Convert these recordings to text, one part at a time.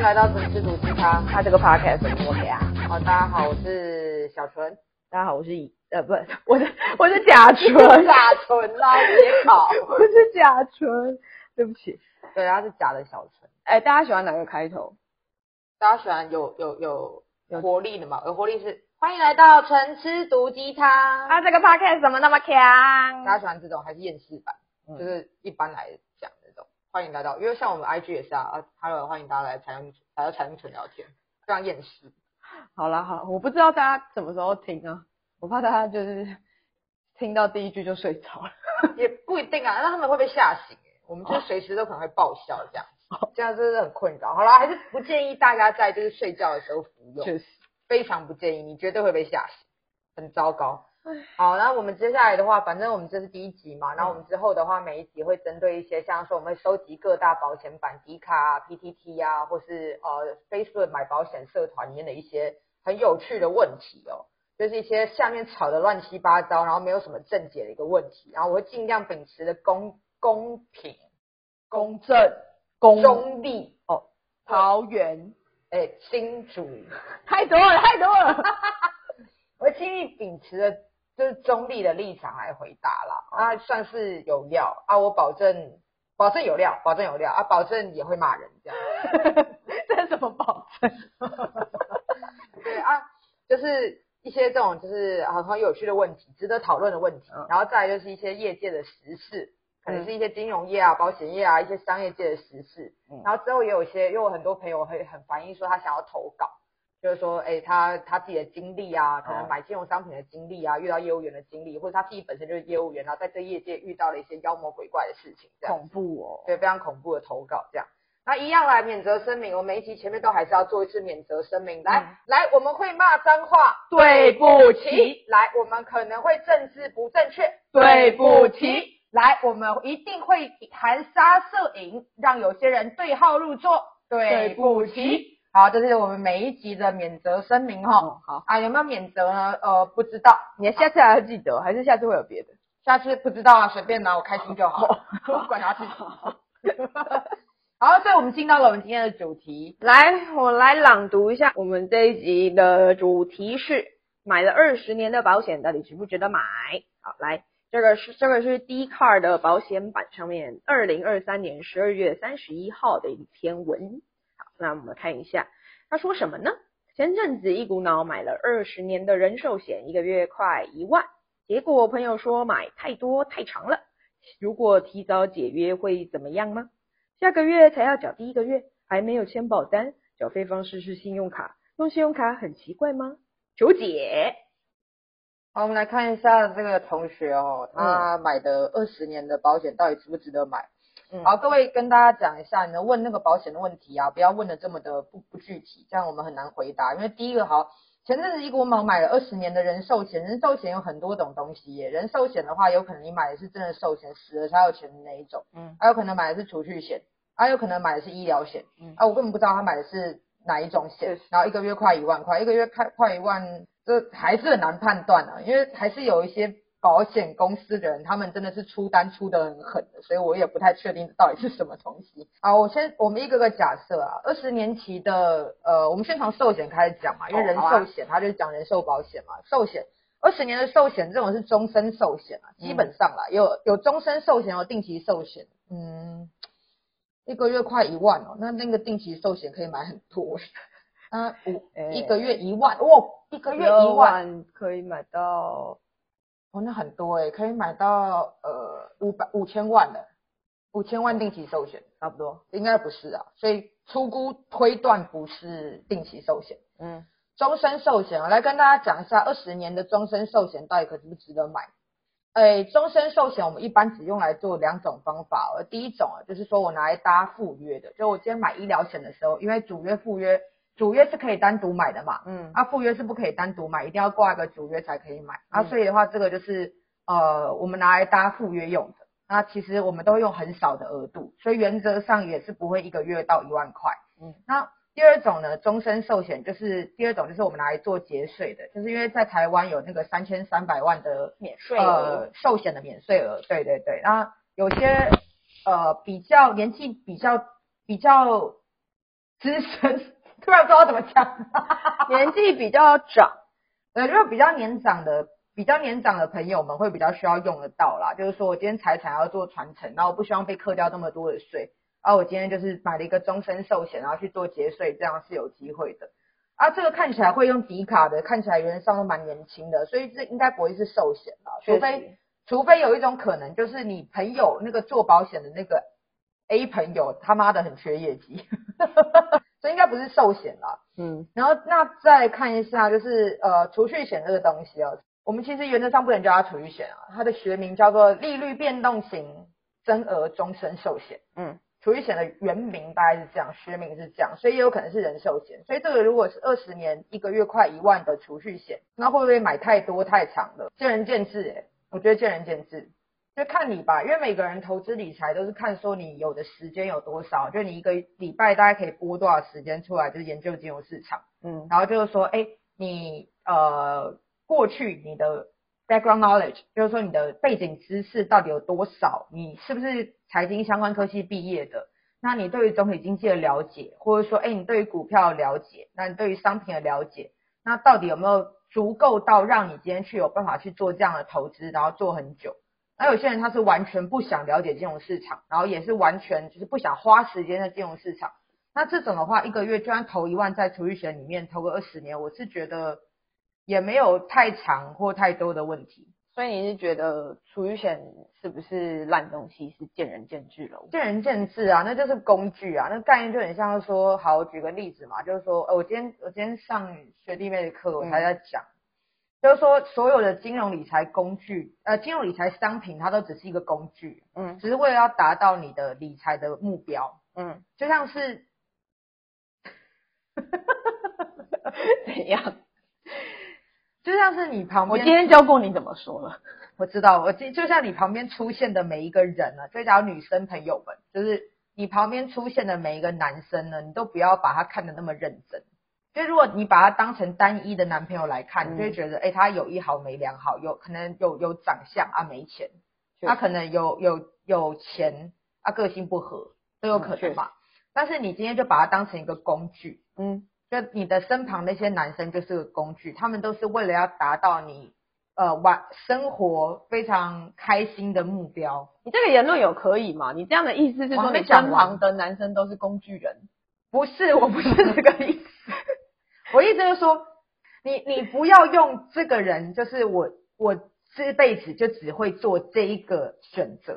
歡迎來到純喫毒雞湯，它這個 podcast 怎麼那麼厲啊？好，大家好，我是小純，大家好，我是乙，呃，不，我是我是甲純，甲純啦，你好，我是甲純， 對不起，對，它是假的小純，哎，大家喜歡哪個開頭？大家喜歡有有有有活力的嘛？有活力是歡迎來到純喫毒雞湯，那、啊、這個 podcast 怎麼那麼強？大家喜歡這種還是厭世版？就是一般來歡迎大家到，因為像我們 I G 也是啊，Hello，歡迎大家來財經，來到財經純聊天，非常厭世。好了，好，我不知道大家什麼時候聽啊，我怕大家就是聽到第一句就睡着了， 也不一定啊，那他們會被嚇醒，我們就隨時都可能會爆笑這樣，啊、這樣真的很困擾。好了，還是不建議大家在就是睡覺的時候服用，確實 非常不建議，你絕對會被嚇醒，很糟糕。唉，好，那我們接下來的話，反正我們這是第一集嘛，然後我們之後的話，每一集會針對一些，像說我們會收集各大保險板、迪卡啊、PTT 啊，或是呃 Facebook 買保險社團裡面的一些很有趣的問題哦，就是一些下面吵得亂七八糟，然後沒有什麼正解的一個問題，然後我會儘量秉持著公公平、公正、公中立公哦，桃園哎，哦、欸、新竹。太多了，太多了，哈哈哈。我會盡力秉持著。就是中立的立場來回答啦，啊，算是有料啊，我保證，保證有料，保證有料啊，保證也會罵人，這樣， 這是怎麼保證？ 對啊，就是一些這種就是很很有趣的問題，值得討論的問題，嗯、然後再來就是一些業界的時事，可能是一些金融業啊、保險業啊一些商業界的時事，然後之後也有一些，因為我很多朋友會很反映說他想要投稿。就是說，哎、欸，他他自己的經歷啊，可能買金融商品的經歷啊，嗯、遇到業務員的經歷，或者他自己本身就是業務員，啊，然後在這業界遇到了一些妖魔鬼怪的事情，這樣恐怖哦，對，非常恐怖的投稿這樣。那一樣來免責聲明，我們每一集前面都還是要做一次免責聲明。嗯、來來，我們會罵髒話，對不起。來，我們可能會政治不正確，對不起。對不起。來，我們一定會含沙射影，讓有些人對號入座，對不起。好，這是我們每一集的免責聲明哈、嗯。好啊，有沒有免責呢？呃，不知道。你下次還要記得，啊、還是下次會有別的？下次不知道啊，隨便拿我開心就好。管他去好。去哦、 好，所以我們進到了我們今天的主題。 主題來，我來朗讀一下我們這一集的主題是：買了二十年的保險，到底值不值得買？好，來，這個是這個是 Dcard 的保險版上面二零二三年十二月三十一號的一篇文。那我們看一下，他說什麼呢？前陣子一股腦買了二十年的人壽險，一個月快一萬，結果朋友說買太多太長了，如果提早解約會怎麼樣嗎？下個月才要繳第一個月，還沒有簽保單，繳費方式是信用卡，用信用卡很奇怪嗎？求解。好，我們來看一下這個同學哦，嗯、他買的二十年的保險到底值不值得買？嗯、好，各位跟大家講一下呢，你們問那個保險的問題啊，不要問的這麼的不不具體，這樣我們很難回答。因為第一個，好，前陣子一個朋友買了二十年的人壽險，人壽險有很多種東西耶，人壽險的話，有可能你買的是真的壽險，死了才有錢的那一種，嗯，還有可能買的是儲蓄險，還、啊、有可能買的是醫療險，嗯，啊，我根本不知道他買的是哪一種險，然後一個月快一萬塊，一個月快快一萬，這還是很難判斷啊，因為還是有一些。保險公司的人，他們真的是出單出的很狠的，所以我也不太確定到底是什麼東西，嗯、好，我先，我們一個個假設啊，二十年期的，呃，我們先從壽險開始講嘛，因為人壽險它，哦，就是講人壽保險嘛，壽險，二十年的壽險這種是終身壽險啊，嗯，基本上啦，有有終身壽險和定期壽險，嗯，一個月快一萬哦，那那個定期壽險可以買很多，嗯、啊，五一個月一萬，哦，一個月一萬可以買到。哦，那很多哎、欸，可以買到呃五百五千萬的，五千萬定期壽險差不多，嗯、應該不是啊，所以初估推斷不是定期壽險，嗯，終身壽險，我來跟大家講一下二十年的終身壽險到底可不值得買？哎，終身壽險我們一般只用來做兩種方法，而第一種啊，就是說我拿來搭附約的，就我今天買醫療險的時候，因為主約附約。主約是可以單獨買的嘛，嗯，那、啊、副約是不可以單獨買，一定要掛一個主約才可以買啊，嗯、那所以的話，這個就是呃我們拿來搭副約用的，那其實我們都會用很少的額度，所以原則上也是不會一個月到一萬塊，嗯，那第二種呢，終身壽險就是第二種就是我們拿來做節稅的，就是因為在台灣有那個三千三百萬的免稅額，呃、壽險的免稅額，對對對，那有些呃比較年紀比較比較資深。不知道怎麼講，年紀比較長， 呃，因比較年長的，比較年長的朋友們會比較需要用得到啦。就是說，我今天財產要做傳承，然後我不希望被扣掉那麼多的稅，後、啊、我今天就是買了一個終身壽險，然後去做節稅，這樣是有機會的。啊，這個看起來會用迪卡的，看起來人上都蠻年輕的，所以這應該不會是壽險吧？實除非，除非有一種可能，就是你朋友那個做保險的那個。A 朋友他媽的很缺業績， 所以應該不是壽險啦。嗯，然後那再看一下就是呃儲蓄險這個東西啊。我們其實原則上不能叫它儲蓄險啊，它的學名叫做利率變動型增額終身壽險，嗯，儲蓄險的原名大概是這樣，學名是這樣，所以也有可能是人壽險，所以這個如果是二十年一個月快一萬的儲蓄險，那會不會買太多太長了？見仁見智誒、欸、我覺得見仁見智。就看你吧，因為每個人投資理財都是看說你有的時間有多少，就你一個禮拜大概可以撥多少時間出來，就是研究金融市場，嗯，然後就是說，哎，你呃過去你的 background knowledge，就是說你的背景知識到底有多少？你是不是財經相關科系畢業的？那你對於總體經濟的了解，或者說，哎，你對於股票的了解？那你對於商品的了解？那到底有沒有足夠到讓你今天去有辦法去做這樣的投資，然後做很久？那有些人他是完全不想了解金融市場，然後也是完全就是不想花時間在金融市場。那這種的話，一個月就算投一萬在儲蓄險裡面投個二十年，我是覺得也沒有太長或太多的問題。所以你是覺得儲蓄險是不是爛東西？是見仁見智了。見仁見智啊，那就是工具啊，那概念就很像是說，好，我舉個例子嘛，就是說，呃，我今天我今天上學弟妹的課，我還在講。嗯就是說，所有的金融理財工具，呃，金融理財商品，它都只是一個工具，嗯，只是為了要達到你的理財的目標，嗯，就像是，哈哈哈哈哈哈，怎樣？就像是你旁邊，我今天教過你怎麼說了，我知道，我就像你旁邊出現的每一個人呢、啊，再加女生朋友們，就是你旁邊出現的每一個男生呢，你都不要把他看得那麼認真。就如果你把他當成單一的男朋友來看，你就會覺得，哎、嗯欸，他有一好沒兩好，有可能有有長相啊，沒錢；他實、啊、可能有有有錢啊，個性不合，都有可能嘛。嗯、但是你今天就把他當成一個工具，嗯，就你的身旁那些男生就是個工具，嗯、他們都是為了要達到你呃玩，生活非常開心的目標。你這個言論有可以嗎？你這樣的意思是說，身旁的男生都是工具人？不是，我不是這個意思。 我意思就是說，你你，你不要用這個人，就是我我這輩子就只會做這一個選擇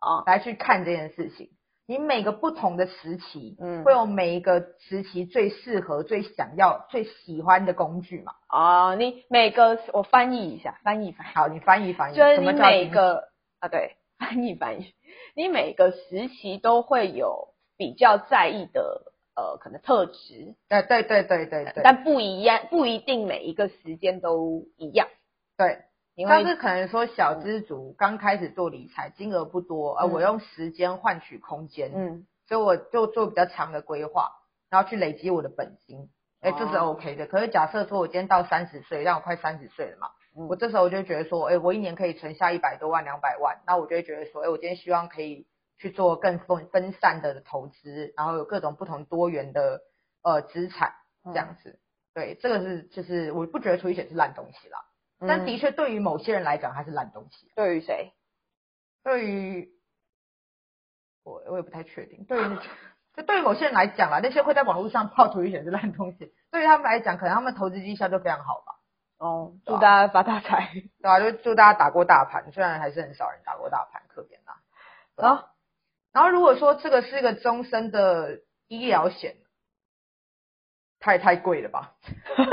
啊，來去看這件事情。哦、你每個不同的時期，嗯，會有每一個時期最適合、嗯、最想要、最喜歡的工具嘛？啊、哦，你每個我翻譯一下，翻譯翻譯。好，你翻譯翻譯。就是你每個就你啊對，翻譯翻譯。你每個時期都會有比較在意的。呃，可能特質，對對對對對，但不一樣，不一定每一個時間都一樣，對。但是為可能說小資族剛開始做理財，嗯、金額不多，而我用時間換取空間，嗯，所以我就做比較長的規劃，然後去累積我的本金，哎、嗯，這、就是 OK 的。可是假設說，我今天到三十歲，讓我快三十歲了嘛，嗯、我這時候我就覺得說，哎，我一年可以存下一百多萬、兩百萬，那我就會覺得說，哎，我今天希望可以。去做更分分散的投資，然後有各種不同多元的呃資產這樣子。嗯、對，這個是就是我不覺得儲蓄險是爛東西啦，但的確對於某些人來講它是爛東西。嗯、對於誰？對於我我也不太確定。對於 就對於某些人來講啦，那些會在網絡上爆儲蓄險是爛東西，對於他們來講可能他們投資績效就非常好吧。哦，吧祝大家發大財。對啊，就祝大家打過大盤，雖然還是很少人打過大盤，可憐吶。啊。哦然後如果說這個是一個終身的醫療險，太太貴了吧？哈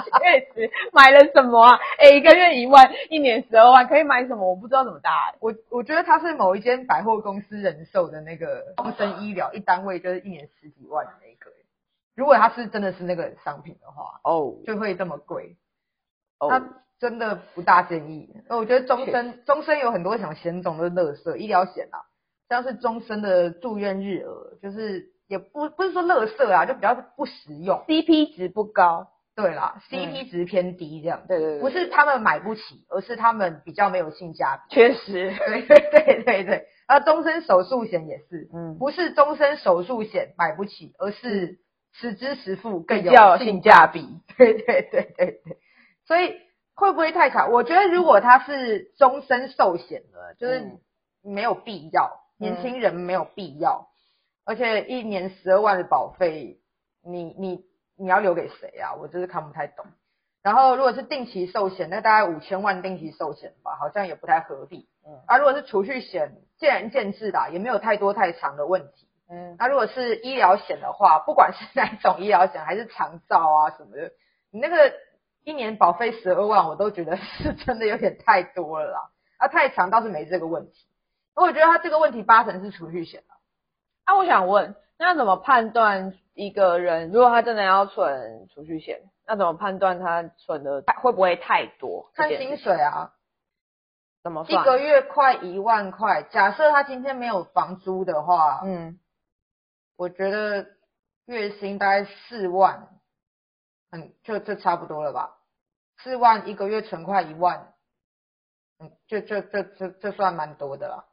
確實，買了什麼啊？哎，一個月一萬，一年十二萬，可以買什麼？我不知道怎麼搭、欸。我我覺得它是某一間百貨公司人壽的那個終身醫療，一單位就是一年十幾萬的那一個。如果它是真的是那個商品的話，哦，oh. 就會這麼貴。哦。Oh. 真的不大建議。我覺得終身終身有很多種險種都是樂色，醫療險啊，像是終身的住院日額，就是也不不是說樂色啊，就比較不實用，CP 值不高。對啦，CP 值偏低這樣。對對、嗯，不是他們買不起，而是他們比較沒有性價比。確實，對對，對對對，啊，終身手術險也是，嗯，不是終身手術險買不起，而是實支實付更有性，性價比，對對對對對，所以。會不會太長？我覺得如果他是終身壽險的，就是沒有必要，年輕人沒有必要，嗯、而且一年十二萬的保費，你你你要留給誰啊？我就是看不太懂。然後如果是定期壽險，那大概五千萬定期壽險吧，好像也不太合理。嗯、啊，如果是儲蓄險，見仁見智啦、啊，也沒有太多太長的問題。嗯，那、啊、如果是醫療險的話，不管是哪種醫療險，還是長照啊什麼的，你那個。一年保費十二萬，我都覺得是真的有點太多了啦。啊，太長倒是沒這個問題。我覺得他這個問題八成是儲蓄險了、啊。那、啊、我想問，那要怎麼判斷一個人如果他真的要存儲蓄險，那怎麼判斷他存的會不會太多？看薪水啊，怎麼算、啊？一個月快一萬塊，假設他今天沒有房租的話，嗯，我覺得月薪大概四萬。嗯，就就差不多了吧，四萬一個月存款一萬，嗯，就就這這這算蠻多的啦，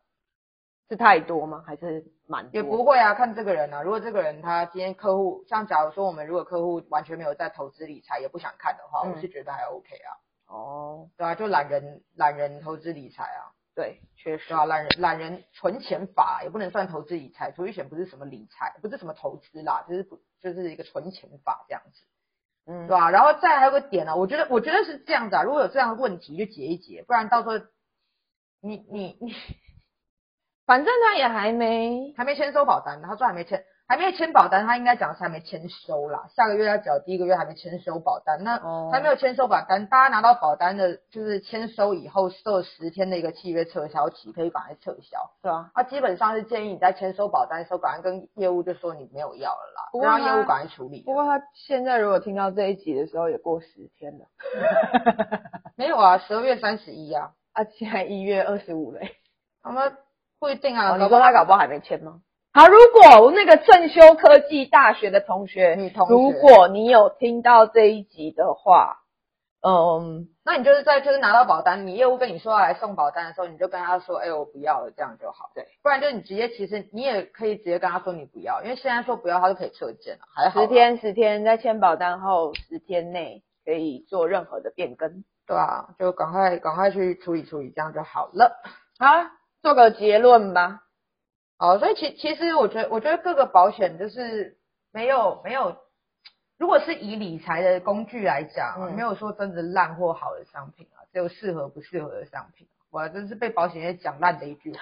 是太多嗎？還是蠻多也不會啊，看這個人啊，如果這個人他今天客戶，像假如說我們如果客戶完全沒有在投資理財，也不想看的話，嗯、我是覺得還 OK 啊。哦，oh。對啊，就懶人懶人投資理財啊，對，確實啊，懶人懶人存錢法也不能算投資理財，儲蓄險不是什麼理財，不是什麼投資啦，就是就是一個存錢法這樣子。嗯，對吧？然後再還有個點呢、啊，我覺得，我覺得是這樣子啊，如果有這樣的問題就解一解，不然到時候你你你，你反正他也還沒還沒簽收保單，他說還沒簽。還沒有簽保單，他應該講是還沒簽收啦。下個月要繳第一個月還沒簽收保單，那還沒有簽收保單，哦、大家拿到保單的，就是簽收以後設十天的一個契約撤銷期，可以趕快撤銷，是啊。他、啊、基本上是建議你在簽收保單的時候，趕快跟業務就說你沒有要了啦，讓業務趕快處理、啊。不過他現在如果聽到這一集的時候，也過十天了， 沒有啊，十二月三十一啊，而且一月二十五嘞。他們、啊、不一定啊、哦。你說他搞不好還沒簽嗎？好，如果那個正修科技大學的同學，女同學如果你有聽到這一集的話，嗯，那你就是在就是拿到保單，你業務跟你說要來送保單的時候，你就跟他說，哎、欸，我不要了，這樣就好，對。不然就是你直接，其實你也可以直接跟他說你不要，因為現在說不要，他就可以撤件了，還好。十天，十天，在簽保單後十天內可以做任何的變更，對啊，就趕快趕快去處理處理，這樣就好了。好、啊，做個結論吧。好，所以其其實我覺得，我覺得各個保險就是沒有沒有，如果是以理財的工具來講啊，嗯，沒有說真的爛或好的商品啊，只有適合不適合的商品。哇，真是被保險業講爛的一句話。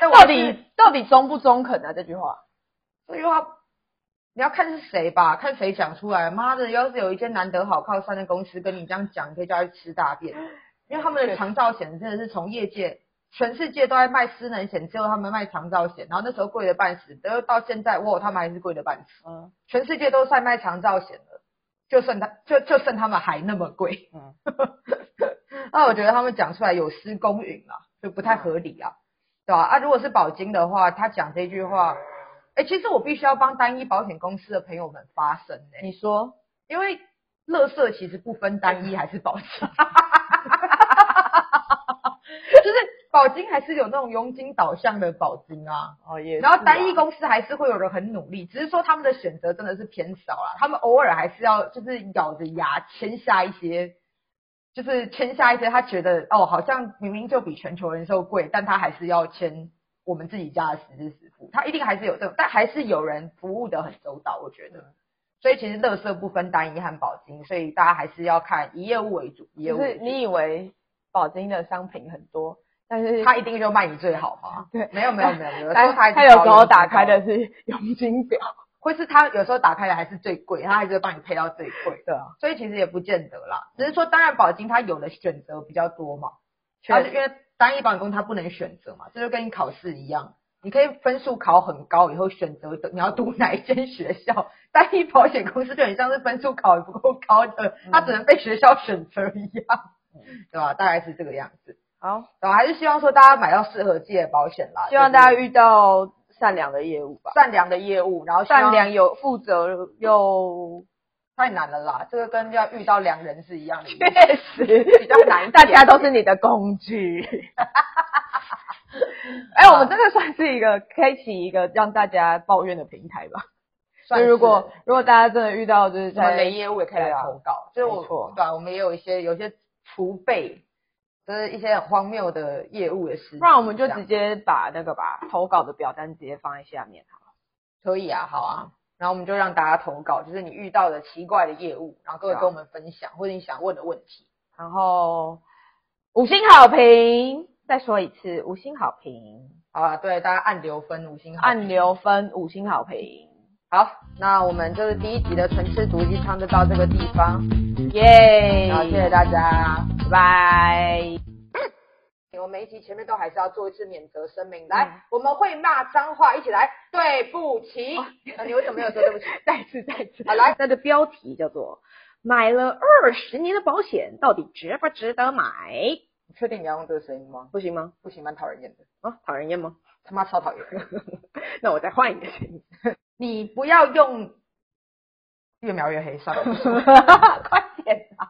但到底到底中不中肯啊這句話？這句話你要看是誰吧，看誰講出來。媽的，要是有一間難得好靠山的公司跟你這樣講，你可以叫他去吃大便，因為他們的長照險真的是從業界。全世界都在賣失能險，只有他們賣長照險，然後那時候貴了半死，然後到現在，哇，他們還是貴了半死。嗯。全世界都在賣長照險了，就剩他，就就剩他們還那麼貴。嗯。那我覺得他們講出來有失公允啊，就不太合理啊，對吧、啊？啊，如果是保經的話，他講這句話，哎、欸，其實我必須要幫單一保險公司的朋友們發聲、欸。哎，你說，因為垃圾其實不分單一還是保經。哈哈哈哈哈哈哈哈哈哈。就是。保經還是有那種佣金導向的保經啊，哦也、啊，然後單一公司還是會有人很努力，只是說他們的選擇真的是偏少了，他們偶爾還是要就是咬着牙簽下一些，就是簽下一些他覺得哦，好像明明就比全球人壽貴，但他還是要簽我們自己家的實支實付，他一定還是有這種，但還是有人服務的很周到，我覺得，嗯、所以其實垃圾不分單一和保經，所以大家還是要看以業務為主，業務你以為保經的商品很多？但是他一定就賣你最好嗎？對沒，沒有沒有沒有沒有，但是他有時候有給我打開的是佣金表，或是他有時候打開的還是最貴，他還是幫你配到最貴。對啊，所以其實也不見得啦，只是說，當然保金他有的選擇比較多嘛，確實，而且因為單一保險公司他不能選擇嘛，這就跟你考試一樣，你可以分數考很高以後選擇你要讀哪一間學校，單一保險公司就很像是分數考也不夠高的，他、嗯、只能被學校選擇一樣，嗯、對吧？大概是這個樣子。好，我還是希望說大家買到適合自己的保險啦。希望大家遇到善良的業務吧，善良的業務，然後善良又負責又太難了啦。這個跟要遇到良人是一樣的一，確實比較難。大家都是你的工具。 哎，啊、我們真的算是一個開啟一個讓大家抱怨的平台吧。所以是如果如果大家真的遇到，就是在雷業務也可以來投稿。以啊、就是我對錯我們也有一些有一些儲備。就是一些很荒謬的業務的事，不然我們就直接把那個吧樣把投稿的表單直接放在下面，好，可以啊，好啊，嗯、然後我們就讓大家投稿，就是你遇到的奇怪的業務，然後各位跟我們分享，啊、或者你想問的問題，然後五星好評，再說一次五星好評，好啊，對，大家按流分五星好，按流分五星好評，嗯、好，那我們就是第一集的《純喫毒雞湯》就到這個地方，耶，好，謝謝大家。拜拜。我每一集前面都還是要做一次免責聲明，來，我們會罵髒話，一起來，對不起。你為什麼沒有說對不起？再次，再次。好，來，它的標題叫做《買了二十年的保險到底值不值得買》。你確定你要用這個聲音嗎？不行嗎？不行，蠻討人厭的。啊，討人厭嗎？他媽超討厭。那我再換一個聲音。你不要用，越描越黑，算了，快點啊。